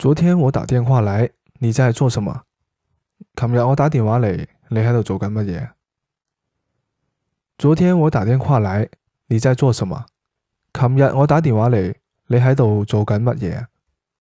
昨天我打電話來，你在做什麼？琴日我打電話嚟，你喺度做緊乜嘢？昨天我打電話來，你在做什麼？琴日我打電話嚟，你喺度做緊乜嘢？